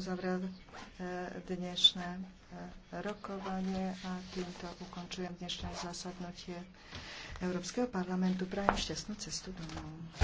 uzavrel e, dnešné e, rokovanie a týmto ukončujem dnešné zasadnutie Európskeho parlamentu. Prajem šťastnú cestu domov.